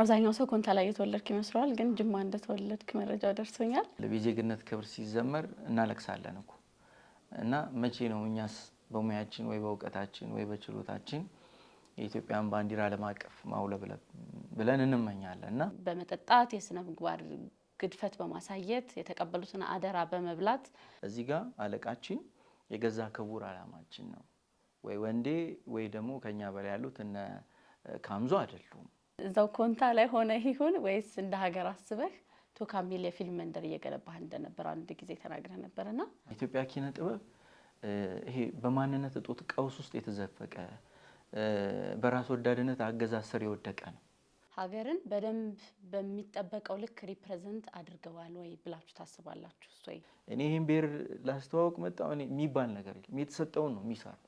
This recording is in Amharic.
አብዛኛው ሰው ኮንታ ላይ የተወለድክ ይመስለዋል፣ ግን ጅማ እንደተወለድክ መረጃው ደርሶኛል። ለቤዜግነት ክብር ሲዘመር እናለቅሳለን እኮ እና መቼ ነው እኛስ በሙያችን ወይ በእውቀታችን ወይ በችሎታችን የኢትዮጵያን ባንዲራ ዓለም አቀፍ ማውለብለብ ብለን እንመኛለን እና በመጠጣት የስነ ምግባር ግድፈት በማሳየት የተቀበሉትን አደራ በመብላት እዚህ ጋር አለቃችን የገዛ ክቡር አላማችን ነው ወይ ወንዴ ወይ ደግሞ ከኛ በላይ ያሉት እነ ካምዞ አይደሉም። እዛው ኮንታ ላይ ሆነ ይሁን ወይስ እንደ ሀገር አስበህ ቶካ ሚል የፊልም መንደር እየገነባህ እንደነበር አንድ ጊዜ ተናግረህ ነበርና ኢትዮጵያ ኪነ ጥበብ ይሄ በማንነት እጦት ቀውስ ውስጥ የተዘፈቀ በራስ ወዳድነት አገዛዝ ስር የወደቀ ነው። ሀገርን በደንብ በሚጠበቀው ልክ ሪፕሬዘንት አድርገዋል ወይ ብላችሁ ታስባላችሁ? እኔ ይህን ብሔር ላስተዋወቅ መጣሁ የሚባል ነገር የለም። የተሰጠውን ነው የሚሰራው